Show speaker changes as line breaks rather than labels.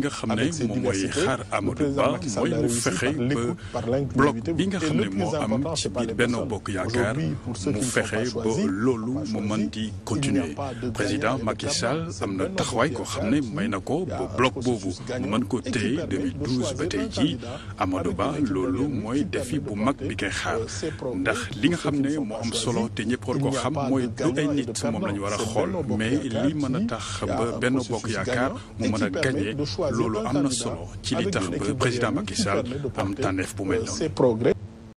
nga xam ne moom mooy xaar Amadou Ba mooy mu fexe
ba bloc bi
nga xam ne moo am ci biir Benno Bokk Yaakaar mu fexe ba loolu mu mën di continuer président Macky am na taxawaay koo xam ne may na ko ba bloc boobu mu mën ko téye 2012 ba tey jii Amadou Ba loolu mooy défi bu mag bi koy xaar ndax li nga xam ne moo am solo te ñëpp war ko xam mooy du ay nit moom la ñu war a xool mais li mën a tax ba Benno Bokk Yaakaar mu mën a gagné. loolu am na solo ci li tax président Macky am tànneef bu